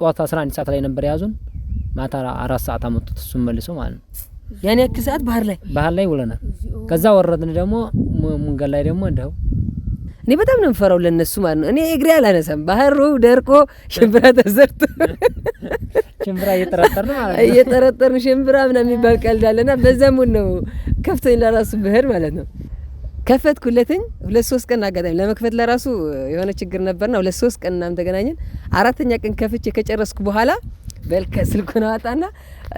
ጠዋት 11 ሰዓት ላይ ነበር የያዙን። ማታ አራት ሰዓት አመጡት እሱን መልሶ ማለት ነው። ያን ያክል ሰዓት ባህር ላይ ባህር ላይ ውለናል። ከዛ ወረድን ደግሞ ሙንገድ ላይ ደግሞ እንደው እኔ በጣም ነው የምፈራው ለነሱ ማለት ነው። እኔ እግሬ አላነሳም። ባህሩ ደርቆ ሽምብራ ተዘርቶ ሽምብራ እየጠረጠርን ማለት ነው እየጠረጠርን ሽምብራ ምናምን የሚባል ቀልድ አለና በዛ ሙን ነው ከፍቶኝ ለራሱ ብሄድ ማለት ነው ከፈትኩለትኝ ሁለት ሶስት ቀን አጋጣሚ ለመክፈት ለራሱ የሆነ ችግር ነበርና ሁለት ሶስት ቀን እናም ተገናኘን። አራተኛ ቀን ከፍቼ ከጨረስኩ በኋላ በልከ ስልኩን አወጣና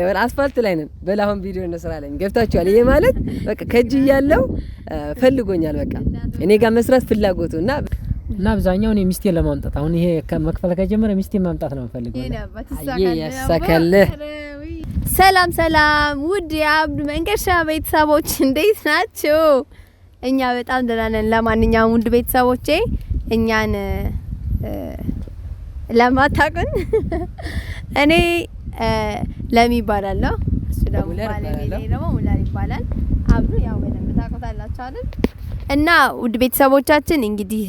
የሆነ አስፋልት ላይ ነን፣ በል አሁን ቪዲዮ እንስራለን። ገብታችኋል? ይሄ ማለት በቃ ከእጅ እያለው ፈልጎኛል። በቃ እኔ ጋር መስራት ፍላጎቱ እና እና አብዛኛው እኔ ሚስቴን ለማምጣት አሁን ይሄ መክፈል ከጀመረ ሚስቴን ማምጣት ነው የምፈልገው። ያሳካልህ። ሰላም ሰላም፣ ውድ የአብዱ መንገሻ ቤተሰቦች እንዴት ናቸው? እኛ በጣም ደህና ነን። ለማንኛውም ውድ ቤተሰቦቼ እኛን ለማታቁን እኔ ለሚ ይባላል ነው እሱ ደግሞ ባለቤቴ ደግሞ ሙላር ይባላል። አብዱ ያው በደንብ ታውቁታላችሁ አይደል? እና ውድ ቤተሰቦቻችን እንግዲህ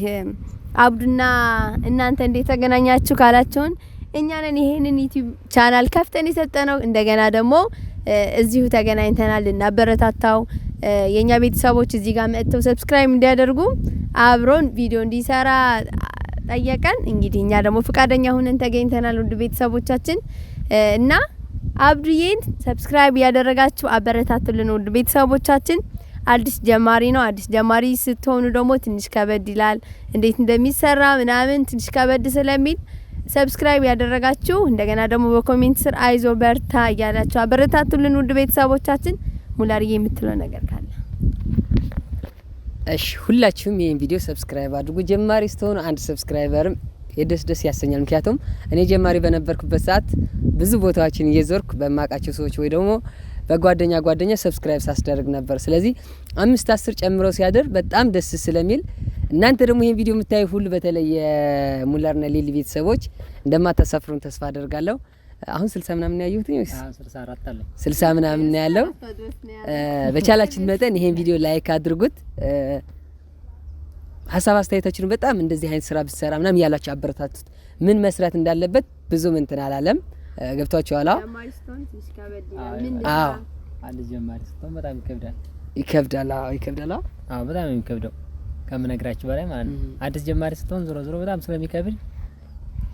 አብዱና እናንተ እንዴት ተገናኛችሁ ካላችሁን እኛንን ይሄንን ዩቲዩብ ቻናል ከፍተን የሰጠ እንደገና ደግሞ እዚሁ ተገናኝተናል። ልናበረታታው የእኛ ቤተሰቦች እዚህ ጋር መጥተው ሰብስክራይብ እንዲያደርጉ አብሮን ቪዲዮ እንዲሰራ ጠየቀን። እንግዲህ እኛ ደግሞ ፍቃደኛ ሁነን ተገኝተናል። ውድ ቤተሰቦቻችን እና አብዱዬን ሰብስክራይብ ያደረጋችሁ አበረታቱልን። ውድ ቤተሰቦቻችን አዲስ ጀማሪ ነው። አዲስ ጀማሪ ስትሆኑ ደግሞ ትንሽ ከበድ ይላል፣ እንዴት እንደሚሰራ ምናምን ትንሽ ከበድ ስለሚል ሰብስክራይብ ያደረጋችሁ እንደገና ደግሞ በኮሜንት ስር አይዞ በርታ እያላችሁ አበረታቱልን ውድ ቤተሰቦቻችን። ሙላርዬ የምትለው ነገር ካለ? እሺ ሁላችሁም ይህን ቪዲዮ ሰብስክራይብ አድርጉ። ጀማሪ ስትሆኑ አንድ ሰብስክራይበርም የደስ ደስ ያሰኛል። ምክንያቱም እኔ ጀማሪ በነበርኩበት ሰዓት ብዙ ቦታዎችን እየዞርኩ በማውቃቸው ሰዎች ወይ ደግሞ በጓደኛ ጓደኛ ሰብስክራይብ ሳስደርግ ነበር። ስለዚህ አምስት አስር ጨምሮ ሲያደር በጣም ደስ ስለሚል እናንተ ደግሞ ይህን ቪዲዮ የምታዩ ሁሉ በተለይ የሙላርና ሊሊ ቤተሰቦች እንደማታሳፍሩን ተስፋ አደርጋለሁ። አሁን ስልሳ ምናምን ያየሁት ነው ወይስ ስልሳ ምናምን ያለው? በቻላችን መጠን ይሄን ቪዲዮ ላይክ አድርጉት። ሀሳብ አስተያየታችሁን በጣም እንደዚህ አይነት ስራ ብትሰራ ምናምን ያላችሁ አበረታቱት። ምን መስራት እንዳለበት ብዙም እንትን አላለም። ገብቷችኋል? አዎ አንድ ጀማሪ ስትሆን በጣም ይከብዳል። ይከብዳል። አዎ ይከብዳል። አዎ በጣም የሚከብደው ከምነግራችሁ በላይ ማለት ነው። አዲስ ጀማሪ ስትሆን ዞሮ ዞሮ በጣም ስለሚከብድ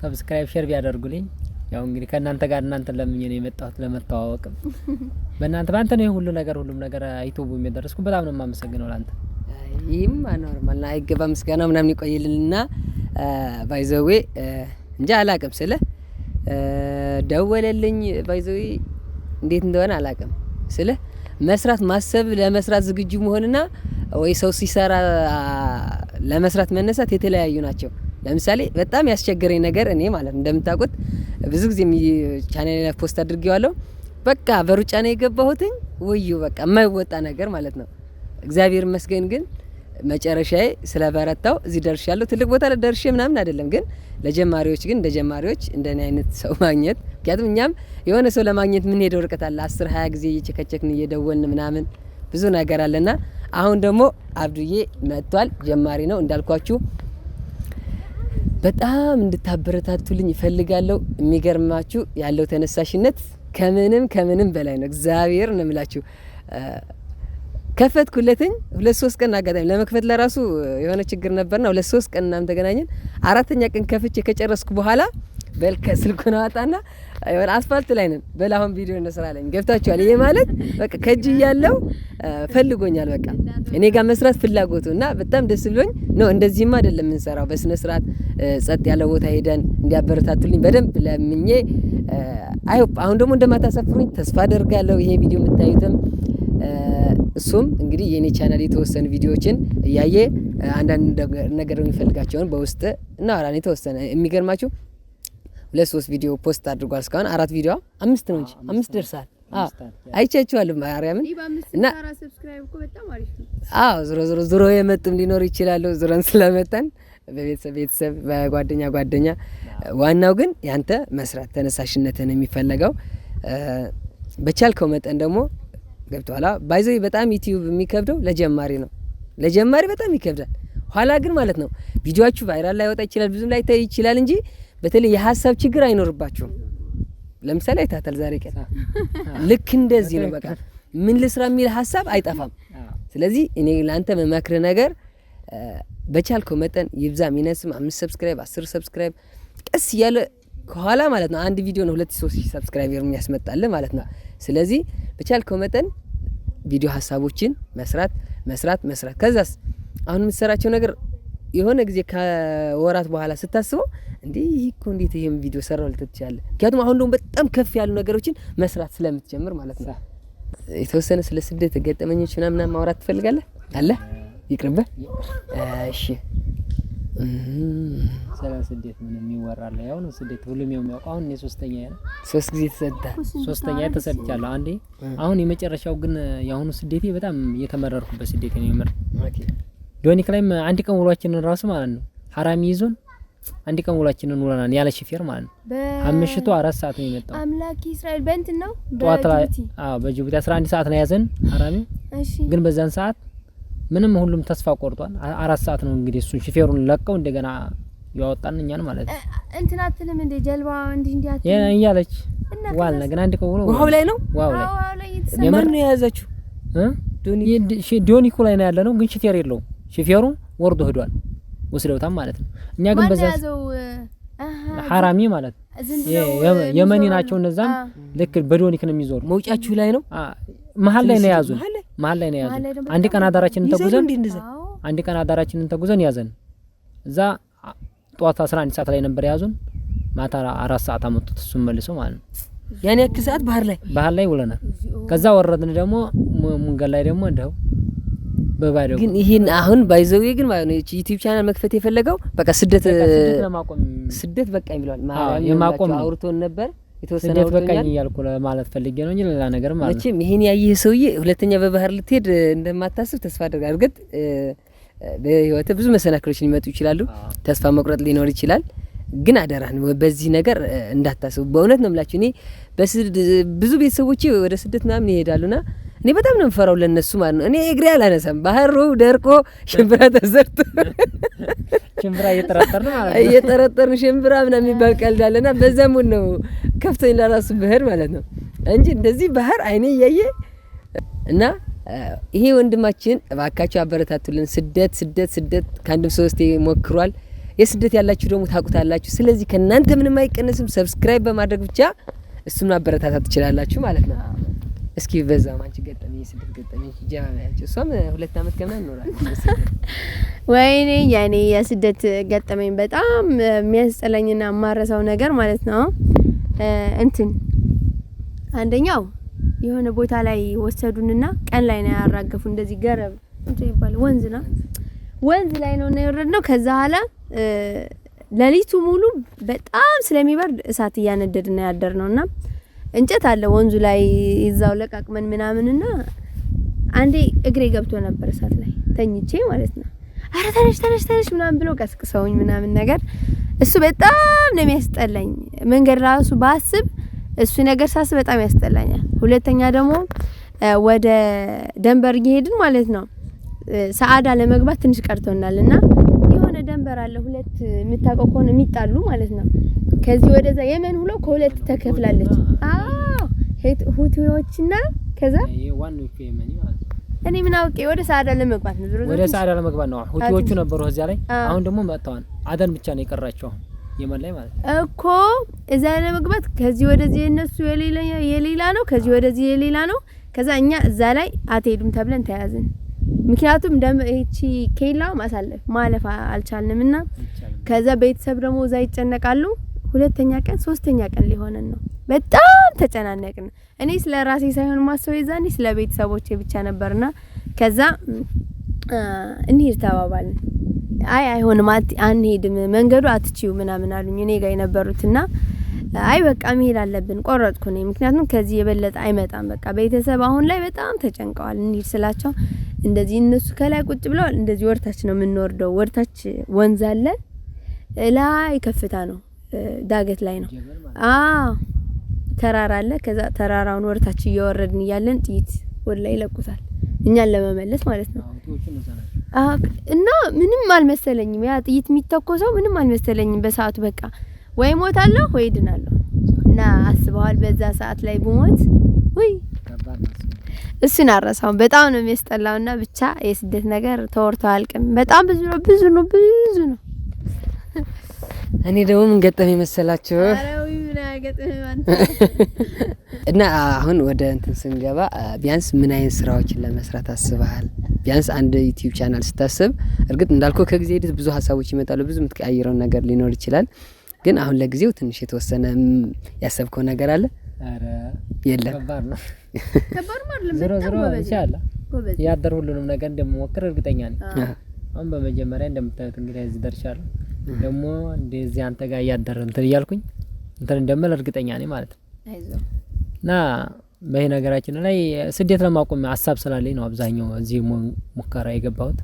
ሰብስክራይብ ሼር ቢያደርጉልኝ ያው እንግዲህ ከእናንተ ጋር እናንተ ለምኜ ነው የመጣሁት ለመተዋወቅም። በእናንተ በአንተ ነው ሁሉ ነገር ሁሉም ነገር አይቶቡ የሚደረስኩ በጣም ነው የማመሰግነው ለአንተ። ይህም ኖርማል አይገባ ምስጋና ምናምን ይቆይልንና ባይዘዌ እንጂ አላቅም ስለ ደወለልኝ ባይዘዌ እንዴት እንደሆነ አላቅም ስለ መስራት ማሰብ ለመስራት ዝግጁ መሆንና ወይ ሰው ሲሰራ ለመስራት መነሳት የተለያዩ ናቸው። ለምሳሌ በጣም ያስቸገረኝ ነገር እኔ ማለት ነው እንደምታውቁት ብዙ ጊዜ ቻኔል ላይ ፖስት አድርጌዋለሁ። በቃ በሩጫ ነው የገባሁትኝ። ወዩ በቃ የማይወጣ ነገር ማለት ነው። እግዚአብሔር ይመስገን ግን መጨረሻዬ ስለበረታው እዚህ ደርሻለሁ። ትልቅ ቦታ ደርሼ ምናምን አይደለም ግን ለጀማሪዎች ግን እንደ ጀማሪዎች እኔ አይነት ሰው ማግኘት ምክንያቱም እኛም የሆነ ሰው ለማግኘት ምን ሄደው ርቀት አለ አስር ሀያ ጊዜ እየቸከቸክን እየደወልን ምናምን ብዙ ነገር አለና አሁን ደግሞ አብዱዬ መጥቷል። ጀማሪ ነው እንዳልኳችሁ በጣም እንድታበረታቱልኝ ይፈልጋለሁ። የሚገርማችሁ ያለው ተነሳሽነት ከምንም ከምንም በላይ ነው። እግዚአብሔር ነው የምላችሁ። ከፈትኩለትኝ ሁለት ሶስት ቀን አጋጣሚ ለመክፈት ለራሱ የሆነ ችግር ነበርና ሁለት ሶስት ቀን እናም ተገናኘን። አራተኛ ቀን ከፍቼ ከጨረስኩ በኋላ በል ስልኩን አወጣና የሆነ አስፋልት ላይ ነን፣ በል አሁን ቪዲዮ እንስራ ገብታችኋል? ይሄ ማለት በቃ ከእጅ እያለው ፈልጎኛል። በቃ እኔ ጋር መስራት ፍላጎቱ እና በጣም ደስ ብሎኝ ነው። እንደዚህም አይደለም የምንሰራው፣ በስነ ስርዓት ጸጥ ያለ ቦታ ሄደን እንዲያበረታቱልኝ በደንብ ለምኜ አይሆፕ አሁን ደግሞ እንደማታሳፍሩኝ ተስፋ አደርጋለሁ። ይሄ ቪዲዮ የምታዩትም እሱም እንግዲህ የእኔ ቻናል የተወሰኑ ቪዲዮዎችን እያየ አንዳንድ ነገር የሚፈልጋቸውን በውስጥ እናወራን። የተወሰነ የሚገርማችሁ ሁለት ሶስት ቪዲዮ ፖስት አድርጓል። እስካሁን አራት ቪዲዮ አምስት ነው እንጂ አምስት ደርሳል። አዎ አይቻችኋል። ማርያምን እና አዎ ዞሮ ዞሮ ዞሮ የመጡም ሊኖር ይችላል። ዞረን ስለመጣን በቤተሰብ ቤተሰብ፣ በጓደኛ ጓደኛ። ዋናው ግን ያንተ መስራት ተነሳሽነትን የሚፈለገው በቻልከው መጠን ደግሞ ገብተኋላ ባይዘ በጣም ዩቲዩብ የሚከብደው ለጀማሪ ነው። ለጀማሪ በጣም ይከብዳል። ኋላ ግን ማለት ነው ቪዲዮችሁ ቫይራል ላይ ወጣ ይችላል ብዙም ላይ ይችላል እንጂ በተለይ የሀሳብ ችግር አይኖርባችሁም። ለምሳሌ አይታታል ዛሬ ቀን ልክ እንደዚህ ነው። በቃ ምን ልስራ የሚል ሀሳብ አይጠፋም። ስለዚህ እኔ ለአንተ መመክር ነገር በቻልከው መጠን ይብዛ ይነስም አምስት ሰብስክራይብ አስር ሰብስክራይብ ቀስ እያለ ከኋላ ማለት ነው። አንድ ቪዲዮ ነው ሁለት ሶስት ሰብስክራይበር የሚያስመጣል ማለት ነው። ስለዚህ በቻልከው መጠን ቪዲዮ ሀሳቦችን መስራት መስራት መስራት ከዛስ አሁን የምትሰራቸው ነገር የሆነ ጊዜ ከወራት በኋላ ስታስበው እንዴ ይህ እኮ እንዴት ይህም ቪዲዮ ሰራው ልትል ምክንያቱም አሁን ደግሞ በጣም ከፍ ያሉ ነገሮችን መስራት ስለምትጀምር ማለት ነው። የተወሰነ ስለ ስደት ገጠመኞች ምናምን ማውራት ትፈልጋለህ? አለ ይቅርብህ። እሺ ስለ ስደት ምን የሚወራለ? ያው ነው ስደት ሁሉም ያው የሚያውቀው። አሁን እኔ ሶስተኛ ነው፣ ሶስት ጊዜ ተሰድተሃል? ሶስተኛ ተሰድቻለሁ። አንዴ አሁን የመጨረሻው ግን የአሁኑ ስደቴ በጣም የተመረርኩበት ስደቴ ነው የምር ዶኒክ ላይም አንድ ቀን ውሏችንን ራሱ ማለት ነው ሀራሚ ይዞን አንድ ቀን ውሏችንን ውለናል። ያለ ሹፌር ማለት ነው። አምሽቱ አራት ሰዓት ነው የመጣው። አምላክ እስራኤል በእንት ነው በጅቡቲ አስራ አንድ ሰዓት ነው ያዘን ሀራሚ። ግን በዛን ሰዓት ምንም ሁሉም ተስፋ ቆርጧል። አራት ሰዓት ነው እንግዲህ እሱን ሹፌሩን ለቀው እንደገና ያወጣን እኛን ማለት ነው። እንትን አትልም እንደ ጀልባ እንዲህ እንዲህ አትልም እያለች ዋልና ግን አንድ ቀን ውሎ ውሃው ላይ ነው ውሃው ላይ የምር ነው የያዘችው። ዶኒኩ ላይ ነው ያለ ነው ግን ሹፌር የለውም ሹፌሩ ወርዶ ሄዷል። ወስደውታም ማለት ነው። እኛ ግን በዛ ሐራሚ ማለት ነው። የመኒ ናቸው እነዛም። ልክ በዶኒክ ነው የሚዞሩ። መውጫችሁ ላይ ነው፣ መሀል ላይ ነው ያዙን። መሀል ላይ ነው ያዙን። አንድ ቀን አዳራችንን ተጉዘን አንድ ቀን አዳራችንን ተጉዘን ያዘን። እዛ ጠዋት 11 ሰዓት ላይ ነበር ያዙን። ማታ አራት ሰዓት አመጡት እሱን መልሰው ማለት ነው። ያን ያክል ሰዓት ባህር ላይ ባህር ላይ ውለናል። ከዛ ወረድን ደግሞ ሙንገድ ላይ ደግሞ እንደው ግን ይህን አሁን ባይዘው ግን ማለት ነው ዩቲዩብ ቻናል መክፈት የፈለገው በቃ ስደት ስደት በቃኝ ብለዋል። የማቆም አውርቶን ነበር የተወሰነ ስደት በቃኝ እያልኩ ለማለት ፈልጌ ነው እንጂ ሌላ ነገር ማለት ነው። መቼም ይሄን ያየህ ሰውዬ ሁለተኛ በባህር ልትሄድ እንደማታስብ ተስፋ አድርጋ። እርግጥ በህይወት ብዙ መሰናክሎች ሊመጡ ይችላሉ። ተስፋ መቁረጥ ሊኖር ይችላል። ግን አደራህን በዚህ ነገር እንዳታስቡ። በእውነት ነው የምላችሁ እኔ ብዙ ቤተሰቦቼ ወደ ስደት ምናምን ይሄዳሉና እኔ በጣም ነው የምፈራው ለእነሱ ማለት ነው። እኔ እግሬ አላነሳም። ባህሩ ደርቆ ሽምብራ ተሰርቶ ሽምብራ እየጠረጠር ነው እየጠረጠር ሽምብራ ምና የሚባል ቀልድ አለና በዛ ሙድ ነው ከፍተኝ ለራሱ ብሄድ ማለት ነው እንጂ እንደዚህ ባህር አይኔ እያየ እና ይሄ ወንድማችን እባካችሁ አበረታቱልን። ስደት ስደት ስደት ከአንድም ሶስት ሞክሯል። የስደት ያላችሁ ደግሞ ታውቁታላችሁ። ስለዚህ ከእናንተ ምንም አይቀነስም። ሰብስክራይብ በማድረግ ብቻ እሱን ማበረታታት ትችላላችሁ ማለት ነው። እስኪ በዛም አንቺ ገጠመኝ የስደት ገጠመኝ ጀባበያቸው እሷም ሁለት አመት ገና እኖራለች። ወይኔ ያኔ የስደት ገጠመኝ በጣም የሚያስጠላኝና የማረሳው ነገር ማለት ነው እንትን አንደኛው የሆነ ቦታ ላይ ወሰዱንና ቀን ላይ ነው ያራገፉ እንደዚህ ገረብ እንትን ይባል ወንዝ ነው ወንዝ ላይ ነው እና ነው ከዛ ኋላ ሌሊቱ ሙሉ በጣም ስለሚበርድ እሳት እያነደድ እያነደድን ያደር ነው ነውና እንጨት አለ ወንዙ ላይ ይዛው ለቃቅመን ምናምንና አንዴ እግሬ ገብቶ ነበር እሳት ላይ ተኝቼ ማለት ነው። አረ ተነሽ ተነሽ ተነሽ ምናምን ብሎ ቀስቅሰውኝ ምናምን ነገር እሱ በጣም ነው የሚያስጠላኝ። መንገድ ራሱ ባስብ እሱ ነገር ሳስብ በጣም ያስጠላኛል። ሁለተኛ ደግሞ ወደ ደንበር እየሄድን ማለት ነው ሰዓዳ ለመግባት ትንሽ ቀርቶናል እና የሆነ ደንበር አለ ሁለት የምታውቀው ከሆነ የሚጣሉ ማለት ነው ከዚህ ወደዛ የመን ሁሎ ከሁለት ተከፍላለች። አዎ ሁቲዎችና ከዛ እኔ ምን አውቄ ወደ ሳዳ ለመግባት ነው ወደ ሳዳ ለመግባት ነው። ሁቲዎቹ ነበሩ እዚያ ላይ፣ አሁን ደግሞ መጥተዋል። አደን ብቻ ነው የቀራቸው የመን ላይ ማለት እኮ እዛ ለመግባት ከዚህ ወደዚህ የነሱ የሌላ የሌላ ነው፣ ከዚህ ወደዚህ የሌላ ነው። ከዛ እኛ እዛ ላይ አትሄዱም ተብለን ተያዝን። ምክንያቱም ደም እቺ ኬላ ማሳለፍ ማለፍ አልቻልንም እና ከዛ ቤተሰብ ደግሞ እዛ ይጨነቃሉ። ሁለተኛ ቀን ሶስተኛ ቀን ሊሆነን ነው። በጣም ተጨናነቅን። እኔ ስለ ራሴ ሳይሆን ማሰብ የዛኔ ስለ ቤተሰቦቼ ብቻ ነበርና ከዛ እንሂድ ተባባልን። አይ አይሆንም፣ አንሄድም፣ መንገዱ አትችው ምናምን አሉኝ እኔ ጋር የነበሩትና አይ በቃ መሄድ አለብን ቆረጥኩ እኔ። ምክንያቱም ከዚህ የበለጠ አይመጣም። በቃ ቤተሰብ አሁን ላይ በጣም ተጨንቀዋል። እንሂድ ስላቸው እንደዚህ እነሱ ከላይ ቁጭ ብለዋል፣ እንደዚህ ወርታች ነው የምንወርደው። ወርታች ወንዝ አለ፣ ላይ ከፍታ ነው ዳገት ላይ ነው። ተራራ አለ። ከዛ ተራራውን ወርታች እየወረድን እያለን ጥይት ወደ ላይ ይለቁታል፣ እኛን ለመመለስ ማለት ነው። እና ምንም አልመሰለኝም፣ ያ ጥይት የሚተኮሰው ምንም አልመሰለኝም በሰዓቱ። በቃ ወይ ሞታለሁ ወይ ድናለሁ። እና አስበዋል በዛ ሰዓት ላይ ብሞት ወይ እሱን አረሳሁም። በጣም ነው የሚያስጠላውና ብቻ የስደት ነገር ተወርቶ አያልቅም። በጣም ብዙ ነው ብዙ ነው ብዙ ነው። እኔ ደግሞ ምን ገጠመኝ መሰላችሁ? እና አሁን ወደ እንትን ስንገባ ቢያንስ ምን አይነት ስራዎችን ለመስራት አስበሃል? ቢያንስ አንድ ዩቲዩብ ቻናል ስታስብ፣ እርግጥ እንዳልኩ ከጊዜ ሂደት ብዙ ሀሳቦች ይመጣሉ፣ ብዙ የምትቀያይረው ነገር ሊኖር ይችላል። ግን አሁን ለጊዜው ትንሽ የተወሰነ ያሰብከው ነገር አለ? የለም። ያደር ሁሉንም ነገር እንደምሞክር እርግጠኛ ነኝ። አሁን በመጀመሪያ እንደምታዩት እንግዲህ እዚህ ደርሻለሁ። ደግሞ እንደዚህ አንተ ጋር እያደረ እንትን እያልኩኝ እንትን እንደምል እርግጠኛ ነኝ ማለት ነው። እና በዚህ ነገራችን ላይ ስደት ለማቆም ሀሳብ ስላለኝ ነው አብዛኛው እዚህ ሙከራ የገባሁት።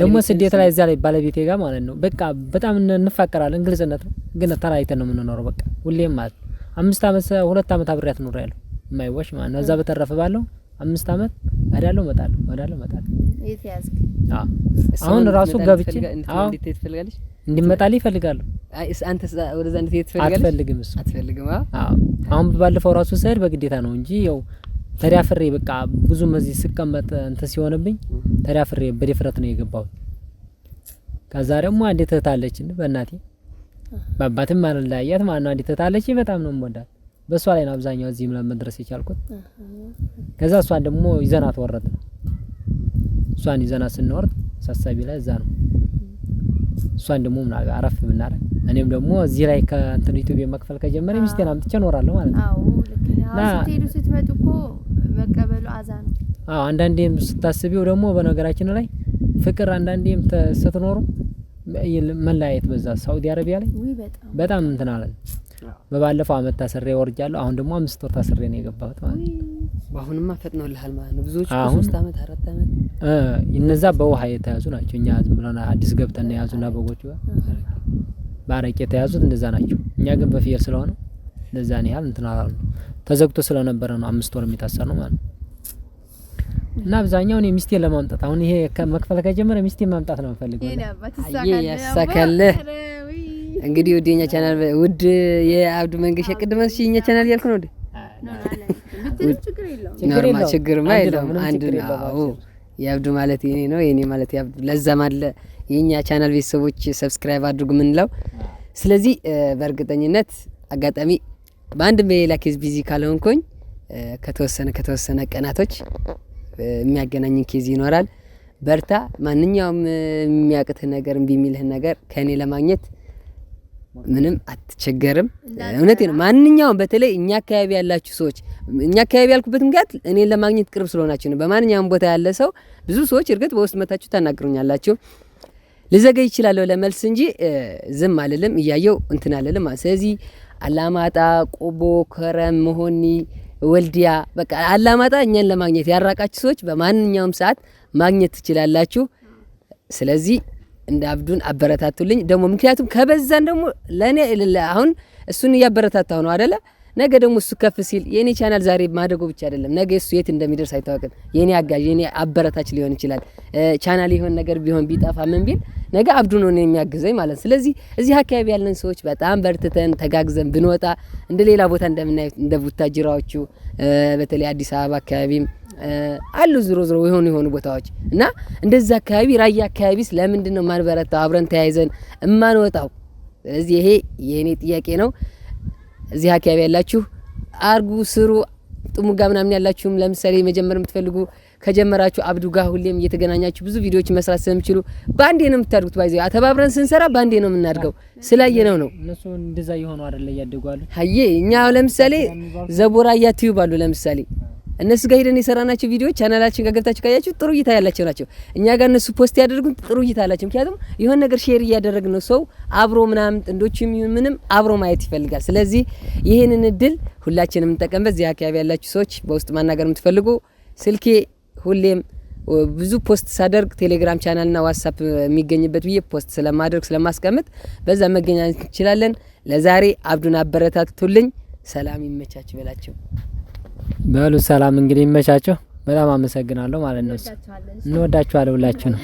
ደግሞ ስደት ላይ እዚያ ላይ ባለቤቴ ጋር ማለት ነው በቃ በጣም እንፋቀራለን። ግልጽነት ነው ግን ተለያይተን ነው የምንኖረው። በቃ ሁሌም ማለት ነው አምስት አመት ሁለት አመት አብሬያት ኖሬያለሁ። የማይዋሽ ማለት ነው። እዛ በተረፈ ባለው አምስት አመት እሄዳለሁ እመጣለሁ እሄዳለሁ እመጣለሁ አሁን ራሱ ገብቼ እንዲመጣልህ ይፈልጋለሁ። አትፈልግም? እሱ አትፈልግም። አሁን ባለፈው ራሱ ስሄድ በግዴታ ነው እንጂ ያው ተዳፍሬ በቃ ብዙም እዚህ ስቀመጥ እንትን ሲሆንብኝ ተዳፍሬ በድፍረት ነው የገባሁት። ከዛ ደግሞ አንዴ እህት አለችን በእናቴ በአባትም አንለያያት ማለት ነው። አንዲት እህት አለችኝ በጣም ነው የምወዳት። በእሷ ላይ ነው አብዛኛው እዚህ መድረስ የቻልኩት። ከዛ እሷን ደግሞ ይዘናት ወረድ ነው እሷን ይዘና ስንወርድ ሳሳቢ ላይ እዛ ነው። እሷን ደግሞ ምን አረፍ የምናደርግ እኔም ደግሞ እዚህ ላይ ከእንትን ኢትዮጵያ መክፈል ከጀመረ ሚስቴን አምጥቼ እኖራለሁ ማለት ነው። ስትሄዱ ስትመጡ እኮ መቀበሉ አዛ ነው። አዎ አንዳንዴም ስታስቢው ደግሞ በነገራችን ላይ ፍቅር አንዳንዴም ስትኖሩ መለያየት በዛ ሳውዲ አረቢያ ላይ በጣም እንትን አለን። በባለፈው አመት ታስሬ ወርጃለሁ። አሁን ደግሞ አምስት ወር ታስሬ ነው የገባሁት ማለት ነው። በአሁንማ ፈጥኖልሃል ማለት ነው። ብዙዎች ከሶስት አመት አራት አመት እነዛ በውሃ የተያዙ ናቸው። እኛ ዝም ብለን አዲስ ገብተን የያዙና በጎቹ በአረቄ የተያዙት እንደዛ ናቸው። እኛ ግን በፍየል ስለሆነ እንደዛን ያህል እንትን አላሉ። ተዘግቶ ስለነበረ ነው አምስት ወር የሚታሰር ነው ማለት ነው። እና እኔ የሚስቴን ለማምጣት አሁን ይሄ መክፈል ከጀመረ ሚስቴን ማምጣት ነው የምፈልገው። ያሳካልህ እንግዲህ ውድ የኛ ቻናል ውድ የአብዱ መንገሻ ቅድመ እሺ የኛ ቻናል እያልኩ ነው ውድ ኖርማል ችግርማ የለውም። አንድ ነው የአብዱ ማለት የኔ ነው የኔ ማለት የአብዱ ለዛም አለ የእኛ ቻናል ቤተሰቦች ሰብስክራይብ አድርጉ የምንለው። ስለዚህ በእርግጠኝነት አጋጣሚ በአንድም በሌላ ኬዝ ቢዚ ካልሆንኩኝ ከተወሰነ ከተወሰነ ቀናቶች የሚያገናኝን ኬዝ ይኖራል። በርታ። ማንኛውም የሚያቅትህ ነገር እምቢ የሚልህን ነገር ከእኔ ለማግኘት ምንም አትቸገርም። እውነቴ ነው። ማንኛውም በተለይ እኛ አካባቢ ያላችሁ ሰዎች እኛ አካባቢ ያልኩበት ምክንያት እኔን ለማግኘት ቅርብ ስለሆናችሁ ነው። በማንኛውም ቦታ ያለ ሰው ብዙ ሰዎች እርግጥ በውስጥ መታችሁ ታናግሩኛላችሁ። ልዘገይ ይችላለሁ ለመልስ እንጂ ዝም አልልም፣ እያየው እንትን አልልም። ስለዚህ አላማጣ፣ ቆቦ፣ ከረም፣ መሆኒ፣ ወልዲያ በቃ አላማጣ እኛን ለማግኘት ያራቃችሁ ሰዎች በማንኛውም ሰዓት ማግኘት ትችላላችሁ። ስለዚህ እንደ አብዱን አበረታቱልኝ ደግሞ ምክንያቱም ከበዛን ደግሞ ለእኔ አሁን እሱን እያበረታታሁ ነው አደለ ነገ ደግሞ እሱ ከፍ ሲል የኔ ቻናል ዛሬ ማደጎ ብቻ አይደለም፣ ነገ እሱ የት እንደሚደርስ አይታወቅም። የኔ አጋዥ የኔ አበረታች ሊሆን ይችላል። ቻናል የሆን ነገር ቢሆን ቢጠፋ ምን ቢል ነገ አብዱ ነው የሚያግዘኝ ማለት ስለዚህ እዚህ አካባቢ ያለን ሰዎች በጣም በርትተን ተጋግዘን ብንወጣ እንደ ሌላ ቦታ እንደምናየ እንደ ቡታጅራዎቹ በተለይ አዲስ አበባ አካባቢም አሉ ዝሮ ዝሮ የሆኑ የሆኑ ቦታዎች እና እንደዛ አካባቢ ራያ አካባቢስ ለምንድን ነው ማንበረታው አብረን ተያይዘን እማንወጣው? ስለዚህ ይሄ የእኔ ጥያቄ ነው። እዚህ አካባቢ ያላችሁ አርጉ፣ ስሩ። ጥሙጋ ምናምን ያላችሁም ለምሳሌ መጀመር የምትፈልጉ ከጀመራችሁ አብዱ ጋር ሁሌም እየተገናኛችሁ ብዙ ቪዲዮዎች መስራት ስለምችሉ ባንዴ ነው የምታድጉት። ባይዘ አተባብረን ስንሰራ ባንዴ ነው የምናድገው። ስላየ ነው ነው እነሱ እንደዛ የሆኑ አይደለ እያደጉ አሉ። እኛ ለምሳሌ ዘቦራ እያትዩ ባሉ ለምሳሌ እነሱ ጋር ሄደን የሰራናቸው ቪዲዮዎች ቻናላችን ጋር ገብታችሁ ካያችሁ ጥሩ እይታ ያላቸው ናቸው። እኛ ጋር እነሱ ፖስት ያደርጉን ጥሩ እይታ አላቸው። ምክንያቱም የሆነ ነገር ሼር እያደረግን ነው። ሰው አብሮ ምናምን ጥንዶችም ምንም አብሮ ማየት ይፈልጋል። ስለዚህ ይህንን እድል ሁላችንም የምንጠቀምበት እዚህ አካባቢ ያላችሁ ሰዎች በውስጥ ማናገር የምትፈልጉ ስልኬ ሁሌም ብዙ ፖስት ሳደርግ ቴሌግራም ቻናልና ዋትሳፕ የሚገኝበት ብዬ ፖስት ስለማደርግ ስለማስቀምጥ በዛ መገናኘት እንችላለን። ለዛሬ አብዱን አበረታቱልኝ። ሰላም ይመቻችሁ በላቸው። በሉ ሰላም እንግዲህ ይመቻቸው። በጣም አመሰግናለሁ ማለት ነው። እንወዳችኋለን ሁላችሁ ነው።